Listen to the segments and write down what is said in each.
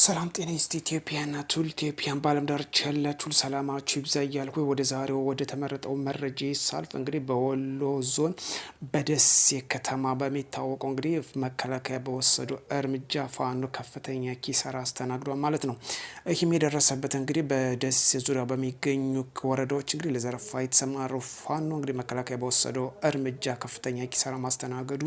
ሰላም ጤና ይስጥ ኢትዮጵያና ቱል ኢትዮጵያን በዓለም ዳርቻ ያላችሁ ሰላማችሁ ይብዛ እያልኩ ወደ ዛሬው ወደ ተመረጠው መረጃ ሳልፍ እንግዲህ በወሎ ዞን በደሴ ከተማ በሚታወቀው እንግዲህ መከላከያ በወሰዱ እርምጃ ፋኖ ከፍተኛ ኪሳራ አስተናግዷል ማለት ነው። ይህም የደረሰበት እንግዲህ በደሴ ዙሪያ በሚገኙ ወረዳዎች እንግዲህ ለዘረፋ የተሰማረው ፋኖ እንግዲህ መከላከያ በወሰደው እርምጃ ከፍተኛ ኪሳራ ማስተናገዱ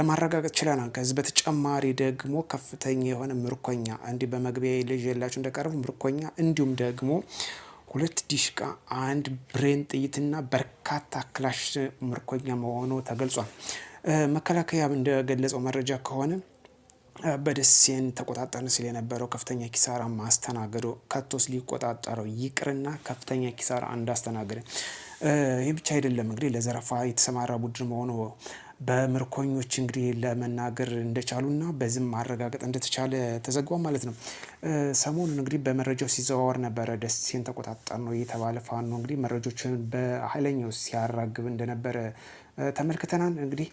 ለማረጋገጥ ችለናል። ከዚህ በተጨማሪ ደግሞ ከፍተኛ የሆነ ምርኮኛ እንዲህ በመግቢያ ልጅ እንደቀረቡ ምርኮኛ እንዲሁም ደግሞ ሁለት ዲሽቃ አንድ ብሬን ጥይትና በርካታ ክላሽ ምርኮኛ መሆኑ ተገልጿል። መከላከያ እንደገለጸው መረጃ ከሆነ በደሴን ተቆጣጠር ሲል የነበረው ከፍተኛ ኪሳራ ማስተናገዱ ከቶስ ሊቆጣጠረው ይቅርና ከፍተኛ ኪሳራ እንዳስተናገደ ይህ ብቻ አይደለም። እንግዲህ ለዘረፋ የተሰማራ ቡድን መሆኑ በምርኮኞች እንግዲህ ለመናገር እንደቻሉና በዝም ማረጋገጥ እንደተቻለ ተዘግቧል ማለት ነው። ሰሞኑን እንግዲህ በመረጃው ሲዘዋወር ነበረ። ደሴን ተቆጣጠር ነው የተባለ ፋኖ እንግዲህ መረጃዎችን በኃይለኛው ሲያራግብ እንደነበረ ተመልክተናል። እንግዲህ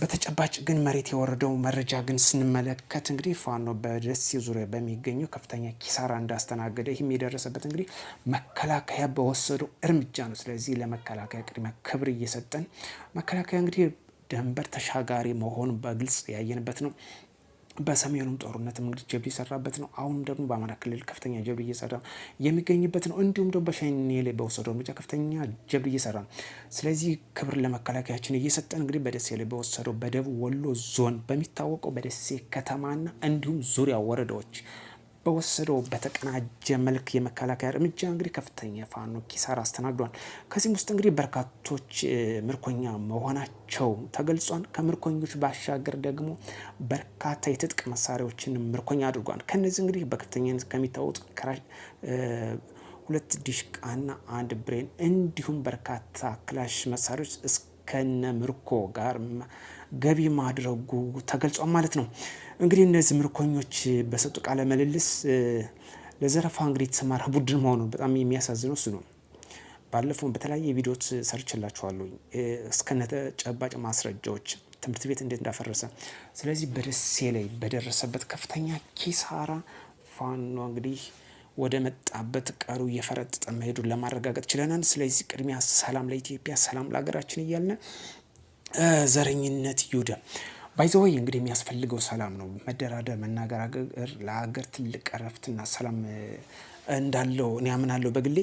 በተጨባጭ ግን መሬት የወረደው መረጃ ግን ስንመለከት እንግዲህ ፋኖ በደሴ ዙሪያ በሚገኘው ከፍተኛ ኪሳራ እንዳስተናገደ ይህም የደረሰበት እንግዲህ መከላከያ በወሰደው እርምጃ ነው። ስለዚህ ለመከላከያ ቅድሚያ ክብር እየሰጠን መከላከያ እንግዲህ ድንበር ተሻጋሪ መሆኑ በግልጽ ያየንበት ነው። በሰሜኑም ጦርነት እንግዲህ ጀብድ የሰራበት ነው። አሁንም ደግሞ በአማራ ክልል ከፍተኛ ጀብድ እየሰራ የሚገኝበት ነው። እንዲሁም ደግሞ በሸኔ ላይ በወሰደው እርምጃ ከፍተኛ ጀብድ እየሰራ ነው። ስለዚህ ክብር ለመከላከያችን እየሰጠን እንግዲህ በደሴ ላይ በወሰደው በደቡብ ወሎ ዞን በሚታወቀው በደሴ ከተማና እንዲሁም ዙሪያ ወረዳዎች በወሰደው በተቀናጀ መልክ የመከላከያ እርምጃ እንግዲህ ከፍተኛ ፋኖ ኪሳራ አስተናግዷል። ከዚህም ውስጥ እንግዲህ በርካቶች ምርኮኛ መሆናቸው ተገልጿል። ከምርኮኞች ባሻገር ደግሞ በርካታ የትጥቅ መሳሪያዎችን ምርኮኛ አድርጓል። ከነዚህ እንግዲህ በከፍተኛነት ከሚታወቅ ሁለት ዲሽቃና አንድ ብሬን እንዲሁም በርካታ ክላሽ መሳሪያዎች ከነ ምርኮ ጋር ገቢ ማድረጉ ተገልጿል ማለት ነው። እንግዲህ እነዚህ ምርኮኞች በሰጡ ቃለ ምልልስ ለዘረፋ እንግዲህ የተሰማራ ቡድን መሆኑ በጣም የሚያሳዝነው እሱ ነው። ባለፈው በተለያየ ቪዲዮዎች ሰርችላችኋለሁ እስከነተጨባጭ ማስረጃዎች ትምህርት ቤት እንዴት እንዳፈረሰ። ስለዚህ በደሴ ላይ በደረሰበት ከፍተኛ ኪሳራ ፋኖ እንግዲህ ወደ መጣበት ቀሩ እየፈረጠጠ መሄዱን ለማረጋገጥ ችለናል። ስለዚህ ቅድሚያ ሰላም ለኢትዮጵያ፣ ሰላም ለሀገራችን እያልን ዘረኝነት ይውደ ባይዘወይ እንግዲህ የሚያስፈልገው ሰላም ነው። መደራደር፣ መነጋገር ለሀገር ትልቅ እረፍትና ሰላም እንዳለው እኔ አምናለሁ በግሌ።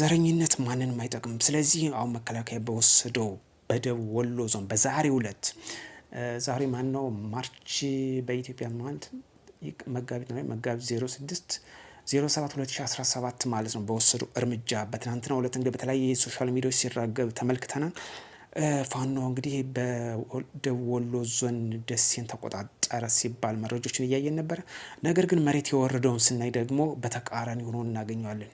ዘረኝነት ማንንም አይጠቅም። ስለዚህ አሁን መከላከያ በወሰደው በደቡብ ወሎ ዞን በዛሬው ዕለት ዛሬ ማን ነው ማርች በኢትዮጵያ ማለት መጋቢት ነው መጋቢት 06 07 2017 ማለት ነው በወሰዱ እርምጃ በትናንትናው ዕለት እንግዲህ በተለያየ ሶሻል ሚዲያዎች ሲራገብ ተመልክተናል። ፋኖ እንግዲህ ወሎ ዞን ደሴን ተቆጣጠረ ሲባል መረጃዎችን እያየን ነበረ። ነገር ግን መሬት የወረደውን ስናይ ደግሞ በተቃራኒ ሆኖ እናገኘዋለን።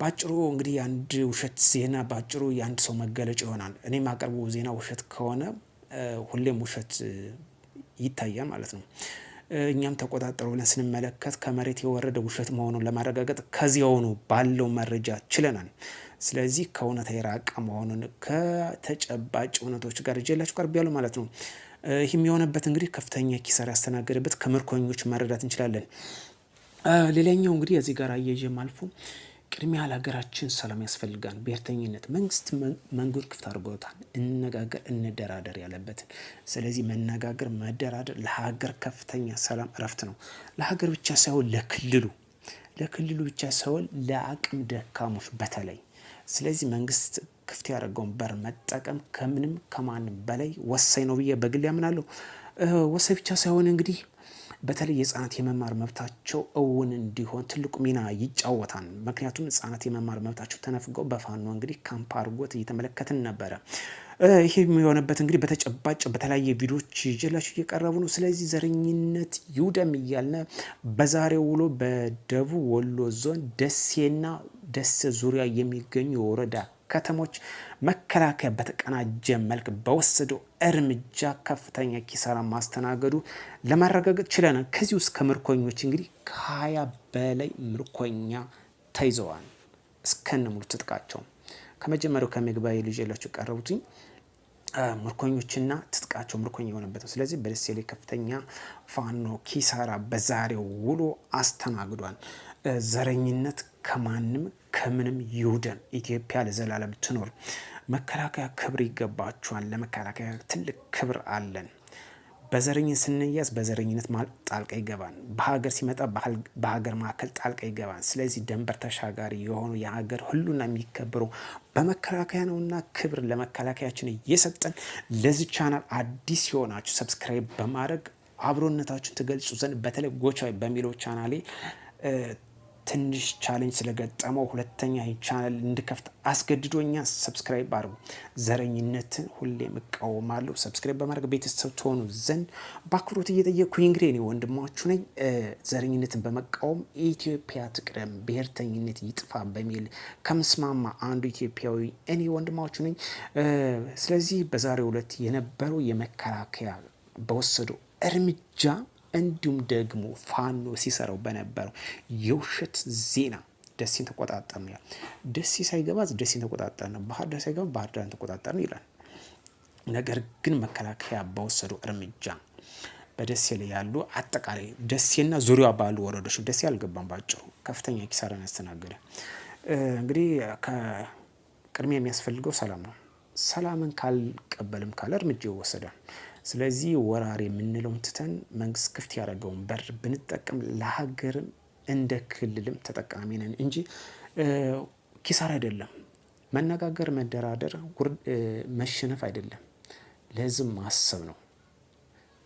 በአጭሩ እንግዲህ የአንድ ውሸት ዜና በአጭሩ የአንድ ሰው መገለጫ ይሆናል። እኔም አቅርቡ ዜና ውሸት ከሆነ ሁሌም ውሸት ይታያል ማለት ነው። እኛም ተቆጣጠሩ ብለን ስንመለከት ከመሬት የወረደ ውሸት መሆኑን ለማረጋገጥ ከዚያውኑ ባለው መረጃ ችለናል። ስለዚህ ከእውነት የራቀ መሆኑን ከተጨባጭ እውነቶች ጋር እጀላችሁ ቀርብ ያሉ ማለት ነው። ይህ የሚሆነበት እንግዲህ ከፍተኛ ኪሳራ ያስተናገደበት ከምርኮኞች መረዳት እንችላለን። ሌላኛው እንግዲህ እዚህ ጋር አየዥ ማልፎ ቅድሚያ ለሀገራችን ሰላም ያስፈልጋል። ብሔርተኝነት መንግስት መንገድ ክፍት አድርጎታል። እንነጋገር፣ እንደራደር ያለበትን። ስለዚህ መነጋገር፣ መደራደር ለሀገር ከፍተኛ ሰላም እረፍት ነው። ለሀገር ብቻ ሳይሆን ለክልሉ ለክልሉ ብቻ ሳይሆን ለአቅም ደካሞች በተለይ ስለዚህ መንግስት ክፍት ያደረገውን በር መጠቀም ከምንም ከማንም በላይ ወሳኝ ነው ብዬ በግል ያምናለሁ። ወሳኝ ብቻ ሳይሆን እንግዲህ በተለይ የህጻናት የመማር መብታቸው እውን እንዲሆን ትልቁ ሚና ይጫወታል። ምክንያቱም ህጻናት የመማር መብታቸው ተነፍገው በፋኖ እንግዲህ ካምፕ አድርጎት እየተመለከትን ነበረ። ይሄ የሚሆንበት እንግዲህ በተጨባጭ በተለያየ ቪዲዮች ይዤላችሁ እየቀረቡ ነው። ስለዚህ ዘረኝነት ይውደም እያልነ በዛሬው ውሎ በደቡብ ወሎ ዞን ደሴና ደሴ ዙሪያ የሚገኙ ወረዳ ከተሞች መከላከያ በተቀናጀ መልክ በወሰደው እርምጃ ከፍተኛ ኪሳራ ማስተናገዱ ለማረጋገጥ ችለናል። ከዚህ ውስጥ ከምርኮኞች እንግዲህ ከሀያ በላይ ምርኮኛ ተይዘዋል እስከነ ሙሉ ትጥቃቸው። ከመጀመሪያው ከምግባዊ ልጅ የላቸው ቀረቡትኝ ምርኮኞችና ትጥቃቸው ምርኮኛ የሆነበት ነው። ስለዚህ በደሴ ላይ ከፍተኛ ፋኖ ኪሳራ በዛሬው ውሎ አስተናግዷል። ዘረኝነት ከማንም ከምንም ይውደን። ኢትዮጵያ ለዘላለም ትኖር። መከላከያ ክብር ይገባችኋል። ለመከላከያ ትልቅ ክብር አለን። በዘረኝነት ስንያዝ በዘረኝነት ጣልቃ ይገባን፣ በሀገር ሲመጣ በሀገር መካከል ጣልቃ ይገባን። ስለዚህ ደንበር ተሻጋሪ የሆኑ የሀገር ሁሉና የሚከበሩ በመከላከያ ነውና ክብር ለመከላከያችን እየሰጠን ለዚህ ቻናል አዲስ የሆናችሁ ሰብስክራይብ በማድረግ አብሮነታችሁን ትገልጹ ዘንድ በተለይ ጎቻ በሚለው ቻናሌ ትንሽ ቻሌንጅ ስለገጠመው ሁለተኛ ቻናል እንድከፍት አስገድዶኛ። ሰብስክራይብ አድርጉ። ዘረኝነትን ሁሌ እቃወማለሁ። ሰብስክራይብ በማድረግ ቤተሰብ ትሆኑ ዘንድ በአክብሮት እየጠየቅኩ እንግዲህ እኔ ወንድማችሁ ነኝ። ዘረኝነትን በመቃወም ኢትዮጵያ ትቅደም፣ ብሔርተኝነት ይጥፋ በሚል ከምስማማ አንዱ ኢትዮጵያዊ እኔ ወንድማችሁ ነኝ። ስለዚህ በዛሬው ዕለት የነበረው የመከላከያ በወሰደው እርምጃ እንዲሁም ደግሞ ፋኖ ሲሰራው በነበረው የውሸት ዜና ደሴን ተቆጣጠር ነው። ደሴ ሳይገባ ደሴን ተቆጣጠር ነው፣ ባህር ዳር ሳይገባ ባህር ዳርን ተቆጣጠር ነው ይላል። ነገር ግን መከላከያ በወሰደው እርምጃ በደሴ ላይ ያሉ አጠቃላይ ደሴና ዙሪያ ባሉ ወረዶች ደሴ አልገባም፣ ባጭሩ ከፍተኛ ኪሳራን ያስተናገደ። እንግዲህ ቅድሚያ የሚያስፈልገው ሰላም ነው። ሰላምን ካልቀበልም ካለ እርምጃ ይወሰዳል። ስለዚህ ወራሪ የምንለውን ትተን መንግስት ክፍት ያደረገውን በር ብንጠቀም ለሀገርም እንደ ክልልም ተጠቃሚ ነን እንጂ ኪሳራ አይደለም። መነጋገር፣ መደራደር መሸነፍ አይደለም፣ ለህዝብ ማሰብ ነው።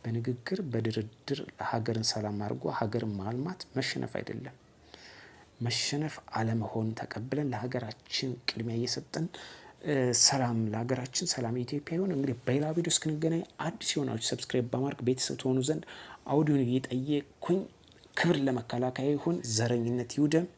በንግግር በድርድር ሀገርን ሰላም አድርጎ ሀገርን ማልማት መሸነፍ አይደለም። መሸነፍ አለመሆን ተቀብለን ለሀገራችን ቅድሚያ እየሰጠን ሰላም ለሀገራችን፣ ሰላም የኢትዮጵያ ይሆን። እንግዲህ በሌላ ቪዲዮ እስክንገናኝ አዲስ የሆናችሁ ሰብስክራይብ በማድረግ ቤተሰብ ትሆኑ ዘንድ አውዲዮን እየጠየቅኩኝ ክብር ለመከላከያ ይሁን፣ ዘረኝነት ይውደም።